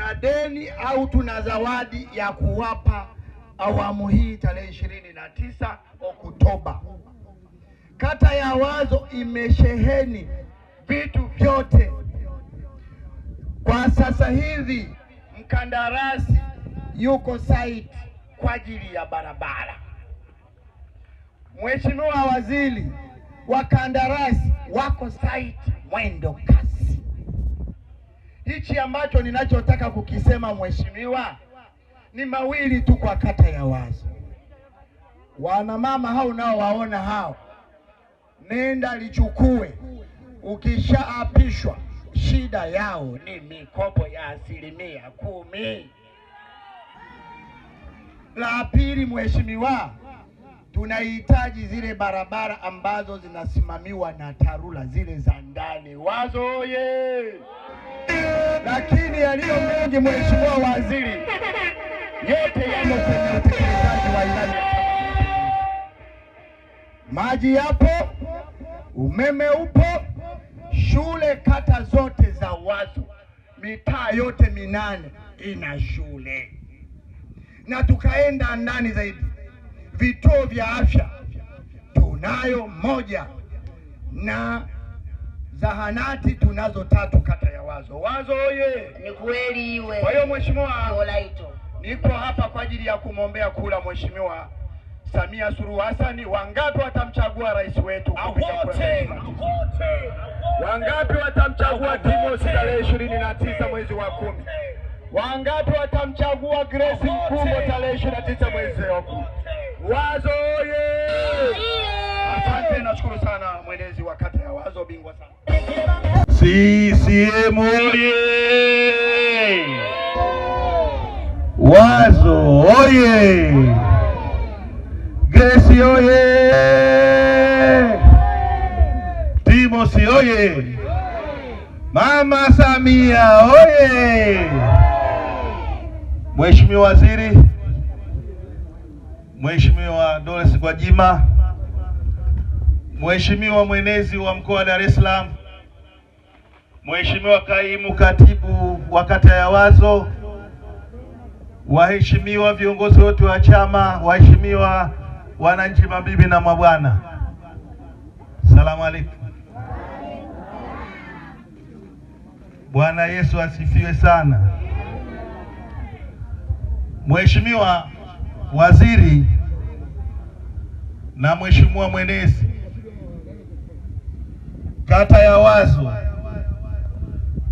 tuna deni au tuna zawadi ya kuwapa awamu hii tarehe ishirini na tisa Oktoba. Kata ya Wazo imesheheni vitu vyote kwa sasa hivi. Mkandarasi yuko site kwa ajili ya barabara. Mheshimiwa Waziri, wakandarasi wako site mwendo kasi. Hichi ambacho ninachotaka kukisema mheshimiwa, ni mawili tu kwa kata ya Wazo. Wanamama hao nao waona hao, nenda lichukue, ukishaapishwa shida yao ni mikopo ya asilimia kumi. La pili mheshimiwa tunahitaji zile barabara ambazo zinasimamiwa na TARURA zile za ndani. Wazo ye Lakini yaliyo mengi, mheshimiwa waziri, yote yamo kwenye utekelezaji wa ilani. Maji yapo, umeme upo, shule kata zote za watu, mitaa yote minane ina shule, na tukaenda ndani zaidi vituo vya afya tunayo moja na zahanati tunazo tatu kata ya Wazo. Wazo oye! Ni kweli iwe. Kwa hiyo mheshimiwa, niko hapa kwa ajili ya kumwombea kula mheshimiwa Samia Suluhu Hassan. Wangapi watamchagua rais wetu? Wangapi watamchagua Timosi tarehe ishirini na tisa mwezi wa kumi? Wangapi watamchagua Grace Mkumbo tarehe ishirini na tisa mwezi wa kumi? Wazo ye! Asante, nashukuru sana mwenezi wa kata ya Wazo, bingwa sana. CCM oye! Wazo oye! Grace oye! Timosi oye! Mama Samia oye! Mheshimiwa Waziri Mheshimiwa Doresi Gwajima, Mheshimiwa mwenezi wa mkoa wa Dar es Salaam, Mheshimiwa kaimu katibu wa kata ya Wazo, waheshimiwa viongozi wote wa chama, waheshimiwa wananchi, mabibi na mabwana, salamu alaikum. Bwana Yesu asifiwe sana. Mheshimiwa waziri na mheshimiwa mwenezi kata ya Wazo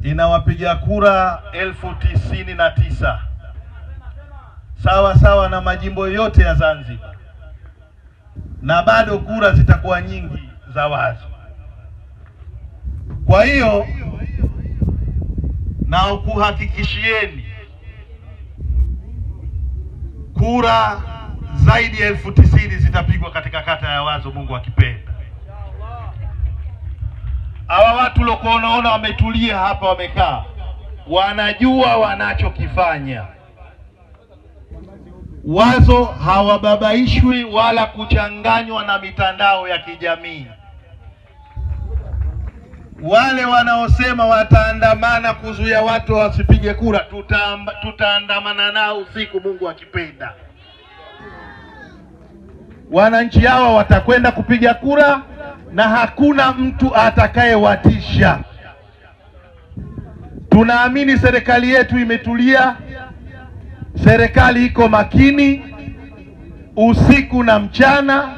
inawapiga kura elfu tisini na tisa sawa sawa na majimbo yote ya Zanzibar, na bado kura zitakuwa nyingi za Wazo. Kwa hiyo na ukuhakikishieni kura zaidi ya elfu tisini zitapigwa katika kata ya Wazo, Mungu akipenda. Wa hawa watu unaona wametulia hapa, wamekaa, wanajua wanachokifanya. Wazo hawababaishwi wala kuchanganywa na mitandao ya kijamii wale wanaosema wataandamana kuzuia watu wasipige kura, tutaandamana nao usiku, Mungu akipenda. Wananchi hawa watakwenda kupiga kura na hakuna mtu atakayewatisha. Tunaamini serikali yetu imetulia, serikali iko makini usiku na mchana.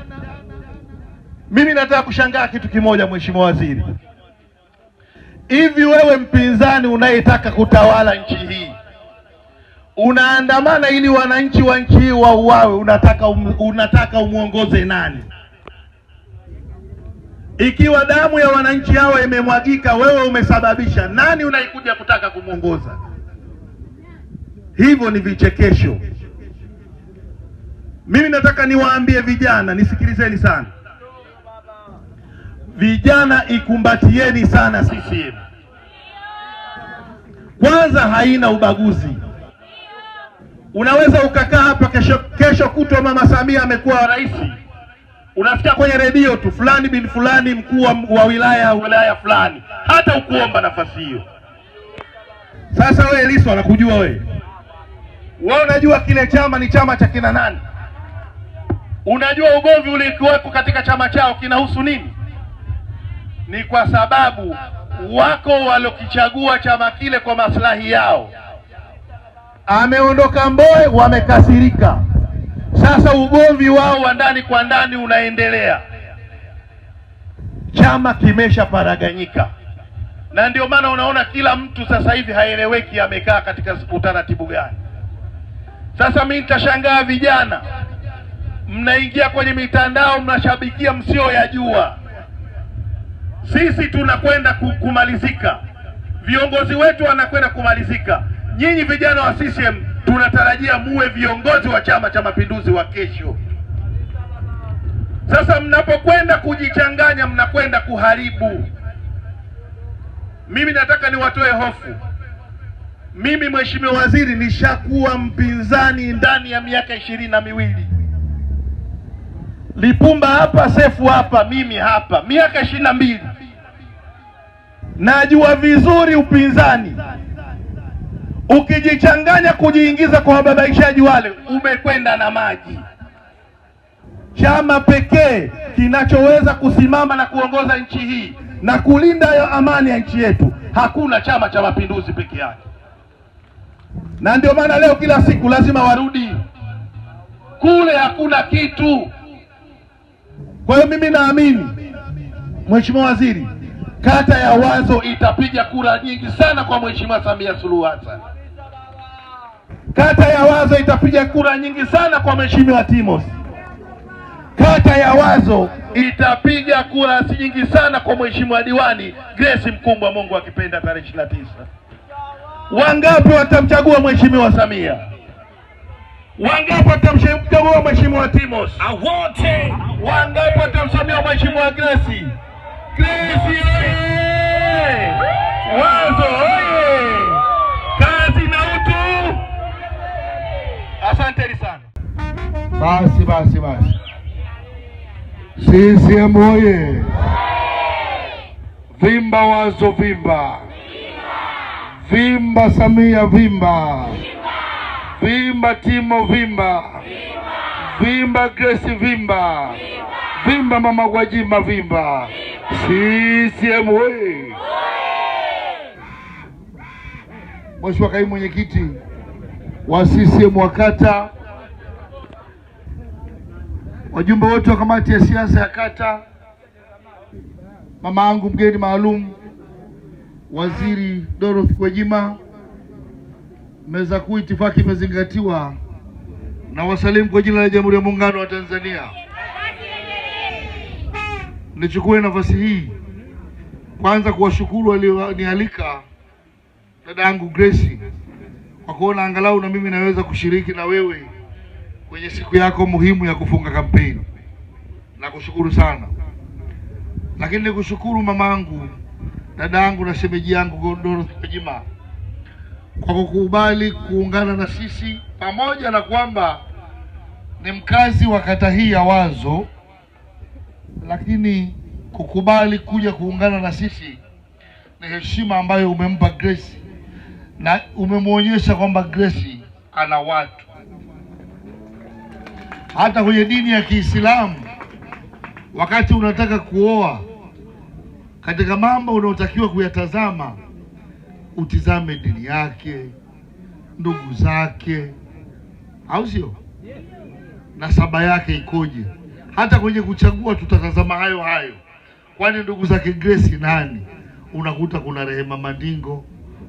Mimi nataka kushangaa kitu kimoja, Mheshimiwa Waziri. Hivi wewe mpinzani unayetaka kutawala nchi hii unaandamana ili wananchi wa nchi hii wauawe, unataka um, unataka umwongoze nani? Ikiwa damu ya wananchi hawa imemwagika, wewe umesababisha, nani unaikuja kutaka kumwongoza? Hivyo ni vichekesho. Mimi nataka niwaambie vijana, nisikilizeni sana vijana, ikumbatieni sana CCM kwanza haina ubaguzi. Unaweza ukakaa hapa kesho, kesho kutwa Mama Samia amekuwa rais, unafika kwenye redio tu fulani bin fulani mkuu wa wilaya wilaya fulani, hata ukuomba nafasi hiyo. Sasa wewe Lissu anakujua wewe, wewe unajua kile chama ni chama cha kina nani? Unajua ugomvi ulikuwepo katika chama chao kinahusu nini? Ni kwa sababu wako walokichagua chama kile kwa maslahi yao. Ameondoka Mbowe, wamekasirika. Sasa ugomvi wao wa ndani kwa ndani unaendelea. Chama kimeshaparaganyika, na ndio maana unaona kila mtu sasa hivi haeleweki amekaa katika utaratibu gani. Sasa mimi nitashangaa vijana mnaingia kwenye mitandao mnashabikia msio yajua sisi tunakwenda kumalizika, viongozi wetu wanakwenda kumalizika. Nyinyi vijana wa CCM tunatarajia muwe viongozi wa Chama cha Mapinduzi wa kesho. Sasa mnapokwenda kujichanganya, mnakwenda kuharibu. Mimi nataka niwatoe hofu. Mimi mheshimiwa waziri, nishakuwa mpinzani ndani ya miaka ishirini na miwili. Lipumba hapa, Sefu hapa, mimi hapa, miaka ishirini na mbili najua vizuri upinzani ukijichanganya kujiingiza kwa wababaishaji wale, umekwenda na maji. Chama pekee kinachoweza kusimama na kuongoza nchi hii na kulinda yo amani ya nchi yetu, hakuna Chama cha Mapinduzi peke yake. Na ndio maana leo kila siku lazima warudi kule, hakuna kitu. Kwa hiyo mimi naamini Mheshimiwa Waziri Kata ya Wazo itapiga kura nyingi sana kwa Mheshimiwa Samia Suluhu Hassan. Kata ya Wazo itapiga kura nyingi sana kwa Mheshimiwa Timos. Kata ya Wazo itapiga kura nyingi sana kwa Mheshimiwa Diwani Grace Mkumbwa, Mungu akipenda, tarehe ishirini na tisa. Wangapi watamchagua Mheshimiwa Samia? Wangapi watamchagua Mheshimiwa Timos? Wote. Wangapi watamchagua Mheshimiwa Grace? Klesi Kazi na utu. Basi basi basi, CCM oye! Vimba Wazo, vimba vimba, Samia vimba vimba, Timo vimba vimba, Grace vimba vimba, Mama Gwajima vimba. CCM hoye! Mheshimiwa Kaimu Mwenyekiti wa CCM wa kata, wajumbe wote wa kamati ya siasa ya kata, mama yangu mgeni maalum Waziri Dorothy Gwajima, meza kuu, itifaki imezingatiwa. Na wasalimu kwa jina la Jamhuri ya Muungano wa Tanzania. Nichukue nafasi hii kwanza kuwashukuru walionialika, dada yangu Grace, kwa kuona angalau na mimi naweza kushiriki na wewe kwenye siku yako muhimu ya kufunga kampeni. Nakushukuru sana, lakini nikushukuru mamangu, dada yangu na shemeji yangu Godoro Pejima kwa kukubali kuungana na sisi, pamoja na kwamba ni mkazi wa kata hii ya Wazo, lakini kukubali kuja kuungana na sisi ni heshima ambayo umempa Grace na umemwonyesha kwamba Grace ana watu. Hata kwenye dini ya Kiislamu, wakati unataka kuoa, katika mambo unaotakiwa kuyatazama, utizame dini yake, ndugu zake, au sio? Nasaba yake ikoje? Hata kwenye kuchagua tutatazama hayo hayo. Kwani ndugu zake Grace nani? Unakuta kuna Rehema Mandingo,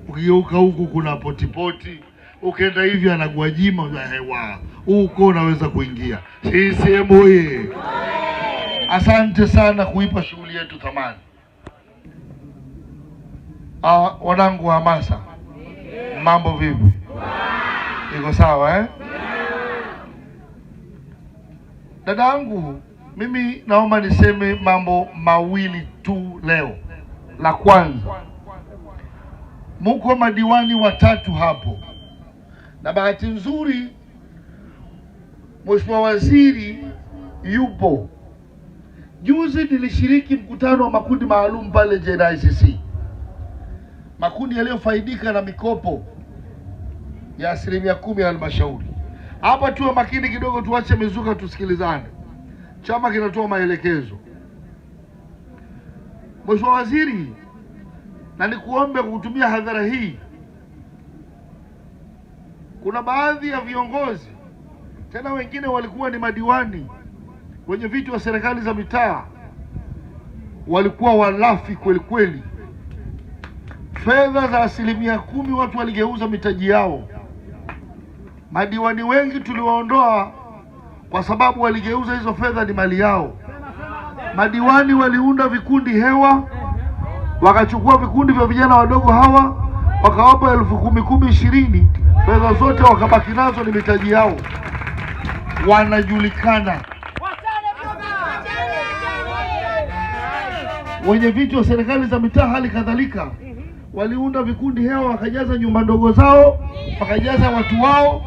ukigeuka huku kuna Potipoti, ukienda hivi anagwajima hewa eh, huko, unaweza kuingia CCM oye! Asante sana kuipa shughuli yetu thamani. Ah, wanangu wa hamasa, mambo vipi? Iko sawa eh? Dadangu mimi naomba niseme mambo mawili tu leo. La kwanza, muko madiwani watatu hapo, na bahati nzuri Mheshimiwa Waziri yupo. Juzi nilishiriki mkutano wa makundi maalum pale JNICC, makundi yaliyofaidika na mikopo ya asilimia kumi ya halmashauri. Hapa tuwe makini kidogo, tuache mizuka, tusikilizane chama kinatoa maelekezo. Mheshimiwa Waziri, na nikuombe kutumia hadhara hii, kuna baadhi ya viongozi tena wengine walikuwa ni madiwani, wenye viti wa serikali za mitaa, walikuwa walafi kweli kweli. Fedha za asilimia kumi watu waligeuza mitaji yao. Madiwani wengi tuliwaondoa kwa sababu waligeuza hizo fedha ni mali yao. Madiwani waliunda vikundi hewa, wakachukua vikundi vya vijana wadogo hawa, wakawapa elfu kumi kumi, ishirini, fedha zote wakabaki nazo ni mitaji yao, wanajulikana wenye viti wa serikali za mitaa hali kadhalika waliunda vikundi hewa, wakajaza nyumba ndogo zao, wakajaza watu wao,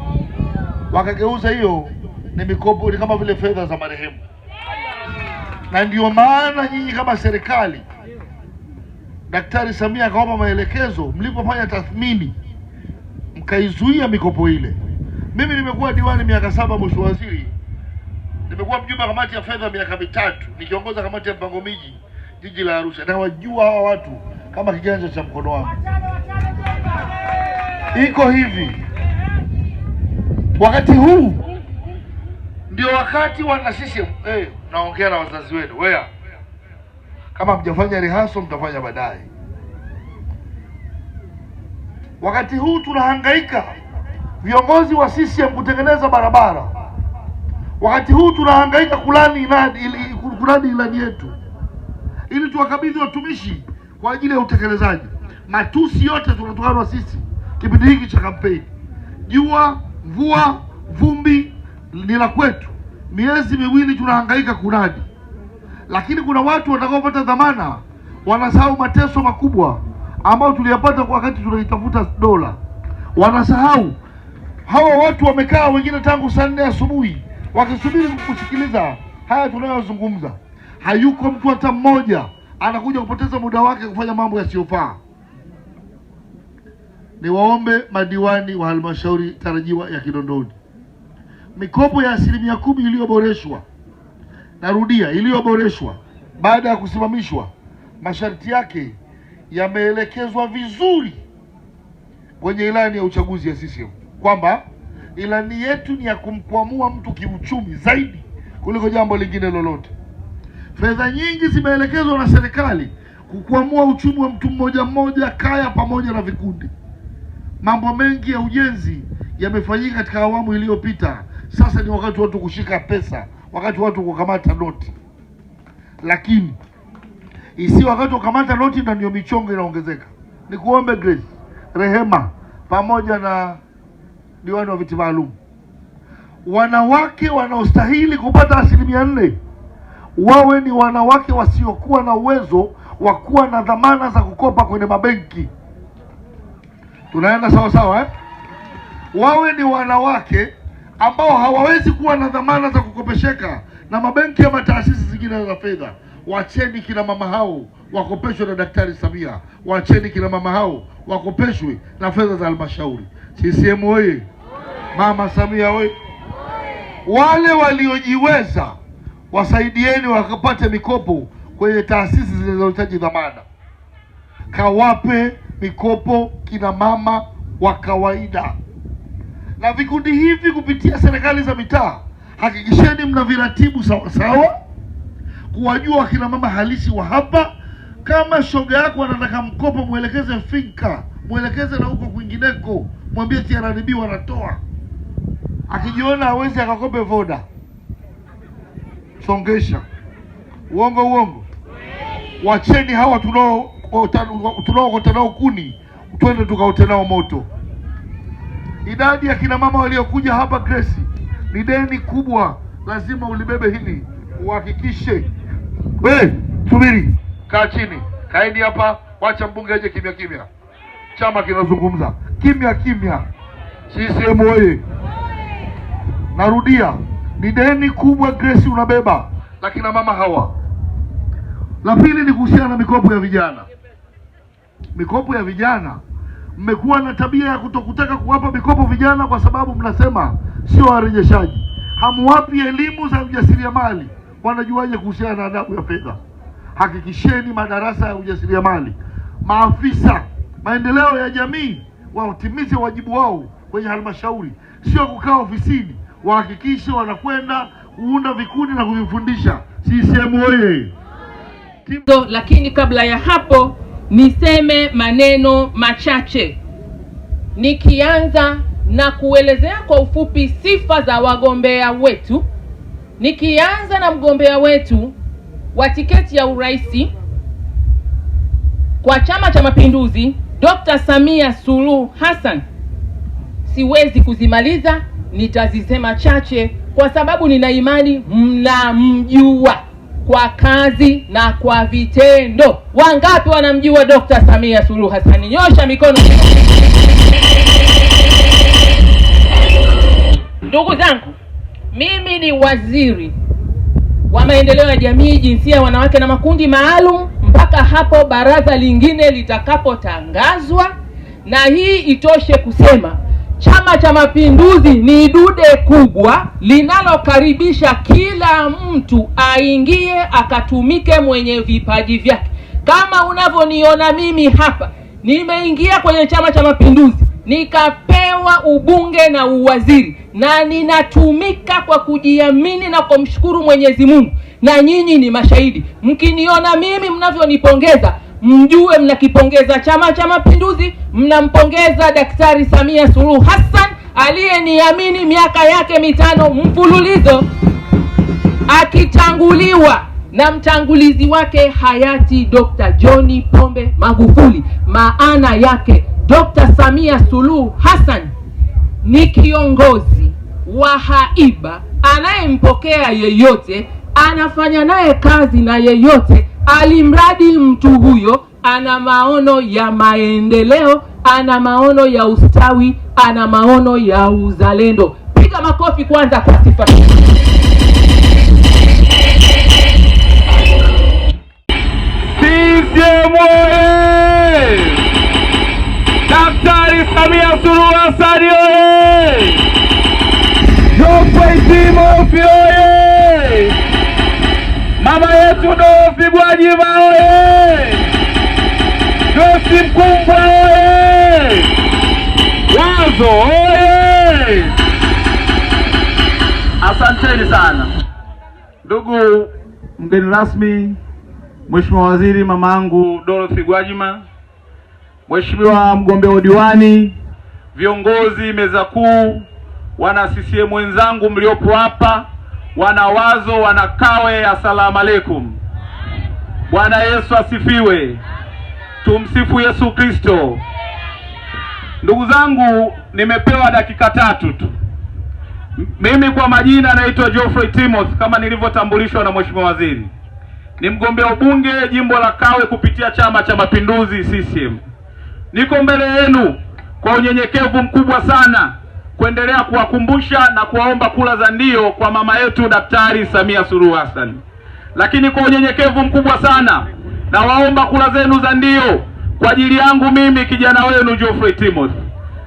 wakageuza hiyo ni mikopo, ni kama vile fedha za marehemu, na ndio maana nyinyi kama serikali, Daktari Samia akawapa maelekezo mlipofanya tathmini, mkaizuia mikopo ile. Mimi nimekuwa diwani miaka saba, Mheshimiwa Waziri, nimekuwa mjumbe wa kamati ya fedha miaka mitatu, nikiongoza kamati ya mpango miji jiji la Arusha. Nawajua hawa watu kama kiganja cha mkono wangu. Iko hivi wakati huu ndio wakati wana CCM. Hey, eh, naongea na wazazi wenu wea, kama mjafanya rehaso mtafanya baadaye. Wakati huu tunahangaika viongozi wa CCM kutengeneza barabara, wakati huu tunahangaika kulani ilani, kulani ilani yetu ili tuwakabidhi watumishi kwa ajili ya utekelezaji. Matusi yote tunatokanwa sisi kipindi hiki cha kampeni, jua, mvua, vumbi ni la kwetu. Miezi miwili tunahangaika kunadi, lakini kuna watu watakaopata dhamana wanasahau mateso makubwa ambayo tuliyapata kwa wakati tunaitafuta dola, wanasahau hawa watu wamekaa wengine tangu saa nne asubuhi wakisubiri kusikiliza haya tunayozungumza. Hayuko mtu hata mmoja anakuja kupoteza muda wake kufanya mambo yasiyofaa. Niwaombe madiwani wa halmashauri tarajiwa ya Kinondoni, mikopo ya asilimia kumi iliyoboreshwa, narudia, iliyoboreshwa baada ya kusimamishwa, masharti yake yameelekezwa vizuri kwenye ilani ya uchaguzi ya CCM kwamba ilani yetu ni ya kumkwamua mtu kiuchumi zaidi kuliko jambo lingine lolote. Fedha nyingi zimeelekezwa na serikali kukwamua uchumi wa mtu mmoja mmoja, kaya pamoja na vikundi. Mambo mengi ya ujenzi yamefanyika katika awamu iliyopita. Sasa ni wakati watu kushika pesa, wakati watu kukamata noti, lakini isi wakati kukamata noti na ndio michongo inaongezeka. Nikuombe Grace Rehema pamoja na diwani wa viti maalum, wanawake wanaostahili kupata asilimia nne wawe ni wanawake wasiokuwa na uwezo wa kuwa na dhamana za kukopa kwenye mabenki. Tunaenda sawa sawa eh? Wawe ni wanawake ambao hawawezi kuwa na dhamana za kukopesheka na mabenki ama taasisi zingine za fedha, wacheni kina mama hao wakopeshwe na Daktari Samia, wacheni kina mama hao wakopeshwe na fedha za halmashauri. CCM oye! Mama Samia oye! Wale waliojiweza wasaidieni wakapate mikopo kwenye taasisi zinazohitaji dhamana. Kawape mikopo kina mama wa kawaida na vikundi hivi kupitia serikali za mitaa, hakikisheni mnaviratibu sawa sawa, kuwajua wakina mama halisi wa hapa. Kama shoga yako anataka mkopo, mwelekeze finka, mwelekeze na huko kwingineko, mwambie TRDB wanatoa. Akijiona hawezi akakope voda, songesha. Uongo uongo, wacheni hawa tunaokota nao kuni, twende tukaote nao moto. Idadi ya kina mama waliokuja hapa Grace ni deni kubwa, lazima ulibebe hili, uhakikishe. Wewe subiri, kaa chini, kaeni hapa, wacha mbunge aje kimya kimya, chama kinazungumza kimya kimya. CCM oye! Narudia, ni deni kubwa Grace unabeba la kina mama hawa. La pili ni kuhusiana na mikopo ya vijana, mikopo ya vijana mmekuwa na tabia ya kutokutaka kuwapa mikopo vijana kwa sababu mnasema sio warejeshaji, hamwapi elimu za ujasiriamali. Wanajuaje kuhusiana na adabu ya fedha? Hakikisheni madarasa ya ujasiriamali. Maafisa maendeleo ya jamii watimize wajibu wao kwenye halmashauri, sio kukaa ofisini. Wahakikishe wanakwenda kuunda vikundi na kuvifundisha. CCM oye! Lakini kabla ya hapo niseme maneno machache nikianza na kuelezea kwa ufupi sifa za wagombea wetu, nikianza na mgombea wetu wa tiketi ya urais kwa Chama cha Mapinduzi, Dr. Samia suluh Hassan. Siwezi kuzimaliza, nitazisema chache kwa sababu nina imani mnamjua kwa kazi na kwa vitendo. Wangapi wanamjua Dkt. Samia Suluhu Hassan? Nyosha mikono. Ndugu zangu, mimi ni waziri wa maendeleo ya jamii, jinsia ya wanawake na makundi maalum mpaka hapo baraza lingine litakapotangazwa, na hii itoshe kusema Chama cha Mapinduzi ni dude kubwa linalokaribisha kila mtu aingie akatumike mwenye vipaji vyake. Kama unavyoniona mimi hapa, nimeingia kwenye Chama cha Mapinduzi nikapewa ubunge na uwaziri, na ninatumika kwa kujiamini na kwa mshukuru Mwenyezi Mungu, na nyinyi ni mashahidi mkiniona mimi mnavyonipongeza mjue mnakipongeza Chama cha Mapinduzi, mnampongeza Daktari Samia Suluhu Hassan aliyeniamini miaka yake mitano mfululizo akitanguliwa na mtangulizi wake hayati Dr. John Pombe Magufuli. Maana yake Dr. Samia Suluhu Hassan ni kiongozi wa haiba anayempokea yeyote, anafanya naye kazi na yeyote alimradi mtu huyo ana maono ya maendeleo, ana maono ya ustawi, ana maono ya uzalendo. Piga makofi kwanza kwa sifa Mwe! Daktari Samia Suluhu Hassan oye! Mama yetu Mtibwajima oye! Eh! Dosi Mkumbwa oye! Eh! Wazo oye! Eh! Asanteni sana ndugu mgeni rasmi, Mheshimiwa Waziri mamangu Dorothy Gwajima, Mheshimiwa mgombea udiwani, viongozi meza kuu, wana CCM wenzangu mliopo hapa, wana Wazo, wana Kawe, assalamu alaikum. Bwana Yesu asifiwe. Tumsifu Yesu Kristo. Ndugu zangu, nimepewa dakika tatu tu. Mimi kwa majina naitwa Geoffrey timoth kama nilivyotambulishwa na Mheshimiwa Waziri. Ni mgombea ubunge jimbo la Kawe kupitia Chama cha Mapinduzi CCM. Niko mbele yenu kwa unyenyekevu mkubwa sana kuendelea kuwakumbusha na kuwaomba kula za ndio kwa mama yetu Daktari Samia Suluhu Hassan lakini kwa unyenyekevu mkubwa sana nawaomba kura zenu za ndio kwa ajili yangu mimi kijana wenu Geoffrey Timothy.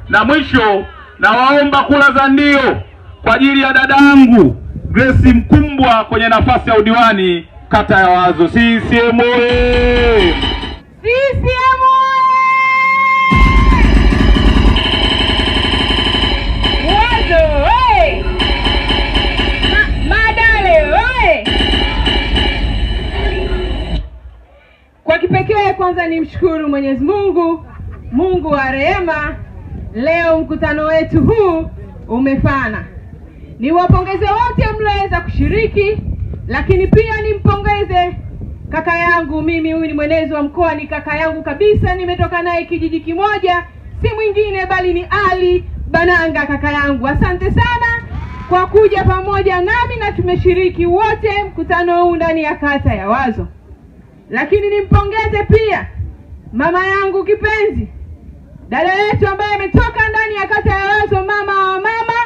Na mwisho nawaomba kura za ndio kwa ajili ya dadangu Grace Mkumbwa kwenye nafasi ya udiwani kata ya Wazo. CCM CCM kwanza nimshukuru Mwenyezi Mungu, Mungu wa rehema. Leo mkutano wetu huu umefana. Niwapongeze wote mlioweza kushiriki, lakini pia nimpongeze kaka yangu. Mimi huyu ni mwenezi wa mkoa, ni kaka yangu kabisa, nimetoka naye kijiji kimoja, si mwingine bali ni Ali Bananga, kaka yangu. Asante sana kwa kuja pamoja nami na tumeshiriki wote mkutano huu ndani ya kata ya Wazo. Lakini nimpongeze pia mama yangu kipenzi, dada yetu ambaye ametoka ndani ya kata ya Wazo, mama wa mama,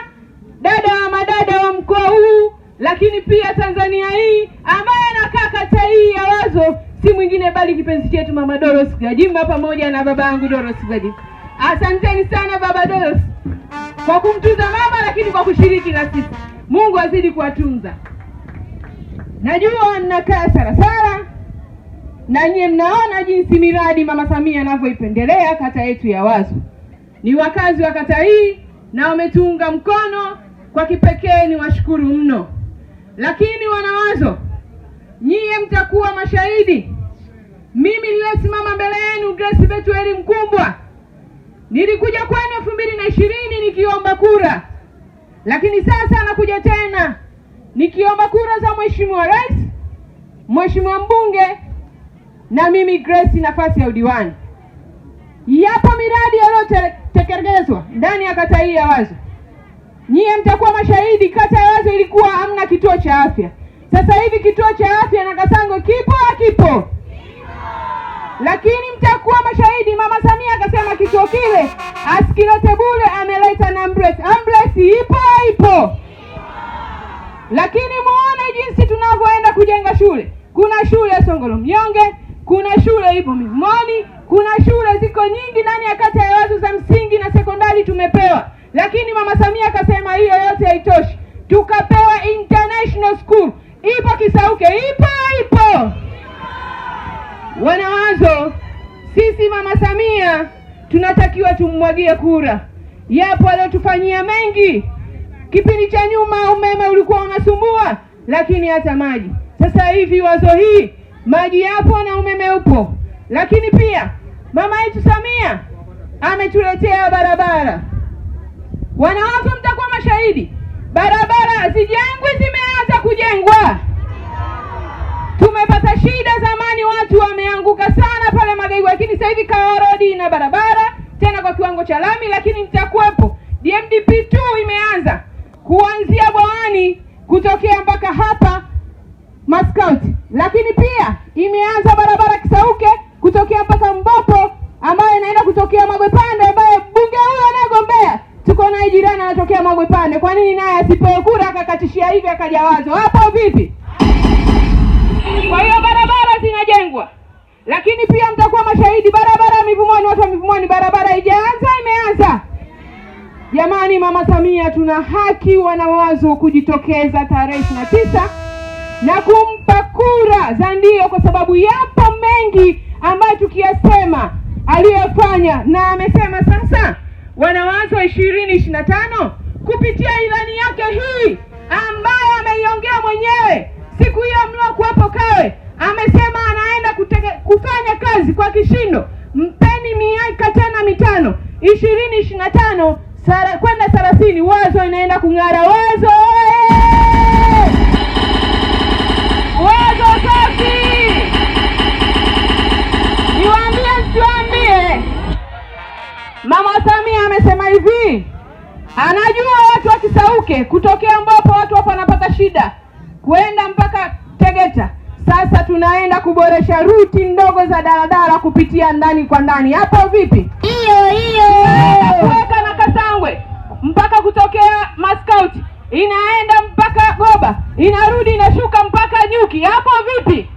dada wa madada wa mkoa huu, lakini pia Tanzania hii, ambaye anakaa kata hii ya Wazo, si mwingine bali kipenzi chetu mama Doros Gwajima pamoja na baba yangu Doros Gwajima. Asanteni sana baba Doros kwa kumtunza mama, lakini kwa kushiriki na sisi. Mungu azidi kuwatunza. Najua mnakaa sarasara na nyie mnaona jinsi miradi Mama Samia anavyoipendelea kata yetu ya Wazo. Ni wakazi wa kata hii na wametuunga mkono kwa kipekee, ni washukuru mno. Lakini wanawazo, nyie mtakuwa mashahidi, mimi niliyesimama mbele yenu Grace Betueli Mkumbwa, nilikuja kwenu elfu mbili na ishirini nikiomba kura, lakini sasa nakuja tena nikiomba kura za mheshimiwa rais, mheshimiwa mbunge na mimi Grace nafasi ya udiwani. Yapo miradi yaliyotekelezwa ndani ya kata hii ya Wazo. Nyie mtakuwa mashahidi, kata ya Wazo ilikuwa hamna kituo cha afya. Sasa hivi kituo cha afya na Kasango kipo, akipo kupiga kura. Yapo aliyotufanyia mengi. Kipindi cha nyuma umeme ulikuwa unasumbua, lakini hata maji. Sasa hivi wazo hii, maji yapo na umeme upo. Lakini pia mama yetu Samia ametuletea barabara. Wanawake, mtakuwa mashahidi, barabara zijengwe, zimeanza kujengwa. Tumepata shida zamani, watu wameanguka sana pale magaigwa lakini sasa hivi Kawa Road ina barabara tena kwa kiwango cha lami, lakini nitakuwepo. DMDP2 imeanza kuanzia Bwawani kutokea mpaka hapa Mascout, lakini pia imeanza barabara Kisauke kutokea mpaka Mbopo ambayo inaenda kutokea pande ambaye bunge huyo anayegombea tuko naye jirani anatokea pande Kwa nini naye asipewe kura akakatishia hivi akajawazo Hapo vipi? Kwa hiyo barabara zinajengwa lakini pia mtakuwa mashahidi, barabara ya Mivumoni, watu wa Mivumoni, barabara haijaanza, imeanza. Jamani, mama Samia tuna haki wanawazo kujitokeza tarehe ishirini na tisa na kumpa kura za ndio, kwa sababu yapo mengi ambayo tukiyasema aliyofanya na amesema. Sasa wanawazo ishirini ishirini na tano kupitia ilani yake hii ambayo ameiongea mwenyewe siku hiyo kuwapo Kawe amesema anaenda kutege, kufanya kazi kwa kishindo. Mpeni miaka tena mitano, ishirini ishirini na tano kwenda thelathini, Wazo inaenda kung'ara. Wazo eh! Wazo safi, niwaambie msiwaambie, Mama Samia amesema hivi, anajua watu wakisauke kutokea ambapo watu wapo wanapata shida kwenda mpaka Tegeta sasa tunaenda kuboresha ruti ndogo za daladala kupitia ndani kwa ndani. Hapo vipi? Hiyo hiyo kuweka na Kasangwe mpaka kutokea Maskauti inaenda mpaka Goba inarudi inashuka mpaka Nyuki. Hapo vipi?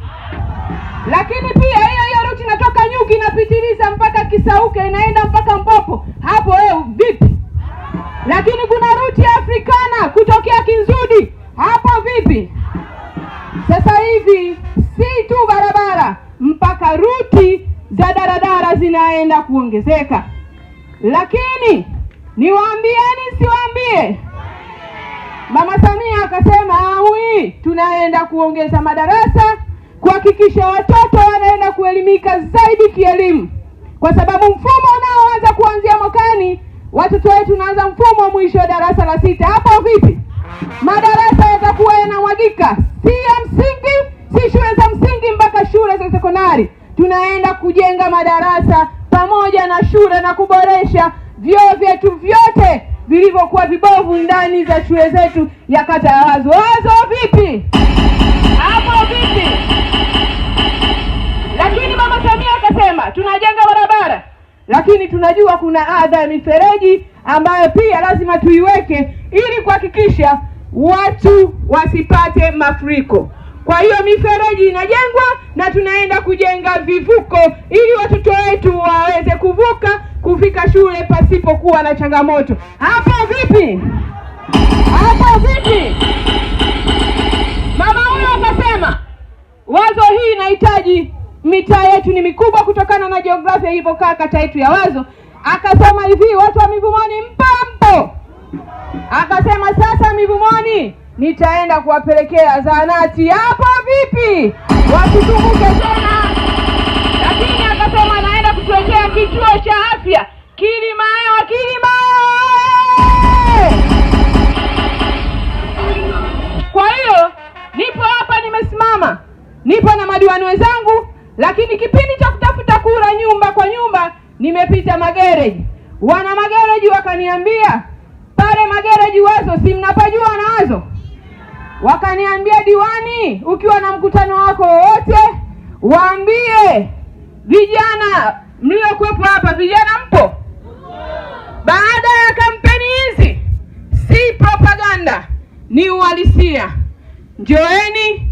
Lakini pia hiyo hiyo ruti inatoka Nyuki inapitiliza mpaka Kisauke inaenda mpaka Mbopo. Hapo wewe eh, vipi? Lakini kuna ruti ya Afrikana kutokea Kinzudi. Hapo vipi? Sasa hivi si tu barabara, mpaka ruti za daradara zinaenda kuongezeka. Lakini niwaambieni, siwaambie, Mama Samia akasema awi, tunaenda kuongeza madarasa kuhakikisha watoto wanaenda kuelimika zaidi kielimu, kwa sababu mfumo unaoanza kuanzia mwakani, watoto wetu unaanza mfumo mwisho wa darasa la sita. Hapo vipi? leseni za shule zetu ya kata ya Wazo. Wazo vipi hapo vipi? Lakini mama Samia akasema tunajenga barabara, lakini tunajua kuna adha ya mifereji ambayo pia lazima tuiweke ili kuhakikisha watu wasipate mafuriko. Kwa hiyo mifereji inajengwa na tunaenda kujenga vivuko ili watoto wetu waweze kuvuka kufika shule pasipokuwa na changamoto. Hapo vipi? hapo vipi? Mama huyo akasema Wazo hii inahitaji mitaa yetu ni mikubwa kutokana na jiografia ilivyokaa kata yetu ya Wazo. Akasema hivi watu wa Mivumoni mpambo, akasema sasa Mivumoni nitaenda kuwapelekea zahanati. Hapo vipi? Wasizunguke tena, lakini akasema anaenda kutuwekea kituo cha afya Kilimayo, Kilimayo. nimesimama, nipo na madiwani wenzangu, lakini kipindi cha kutafuta kura nyumba kwa nyumba nimepita magereji. Wana magereji wakaniambia pale magereji Wazo, si mnapajua wana Wakaniambia diwani, ukiwa na mkutano wako wowote waambie vijana mliokuwepo hapa, vijana mpo. Baada ya kampeni hizi, si propaganda, ni uhalisia. Njoeni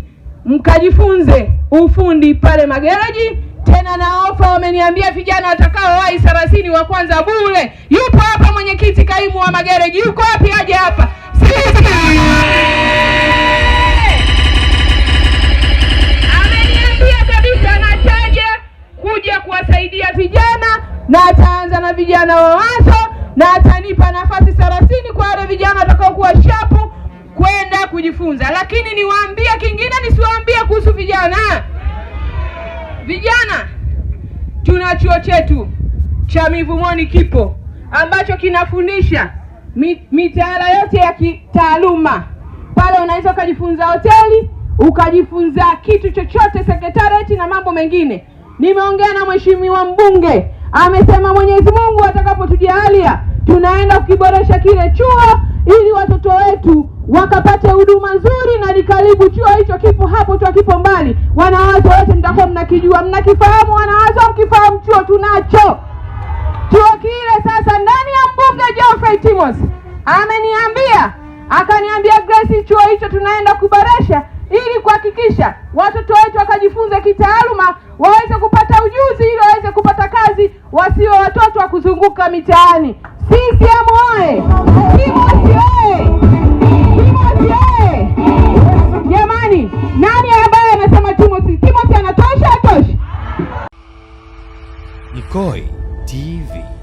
mkajifunze ufundi pale Magaraji. Tena na ofa wameniambia vijana watakaowahi thelathini wa kwanza bure. Yupo hapa mwenyekiti kaimu wa magereji yuko wapi? Aje hapa ameniambia kabisa, kuja kuwasaidia vijana na ataanza na vijana wa wazo na atanipa nafasi thelathini kwa wale vijana watakaokuwa shapu kwenda kujifunza. Lakini niwaambie kingine nisiwaambie kuhusu vijana. Vijana, tuna chuo chetu cha Mivumoni kipo ambacho kinafundisha mitaala yote ya kitaaluma. Pale unaweza ukajifunza hoteli, ukajifunza kitu chochote, sekretarieti na mambo mengine. Nimeongea na mheshimiwa mbunge, amesema Mwenyezi Mungu atakapotujalia tunaenda kukiboresha kile chuo ili watoto wetu wakapate huduma nzuri na ni karibu. Chuo hicho kipo hapo tu, kipo mbali. Wanawazo wote mtakuwa mnakijua, mnakifahamu. Wanawazo mkifahamu chuo tunacho chuo kile. Sasa ndani ya mbunge Geoffrey Timos ameniambia akaniambia, Grace, chuo hicho tunaenda kuboresha ili kuhakikisha watoto wetu wakajifunze kitaaluma, waweze kupata ujuzi ili waweze kupata kazi, wasiwe watoto wa kuzunguka mitaani. CCM oye! Timos oye! Nani ambaye anasema Timothy? Timothy anatosha, atosha. Nikoi TV.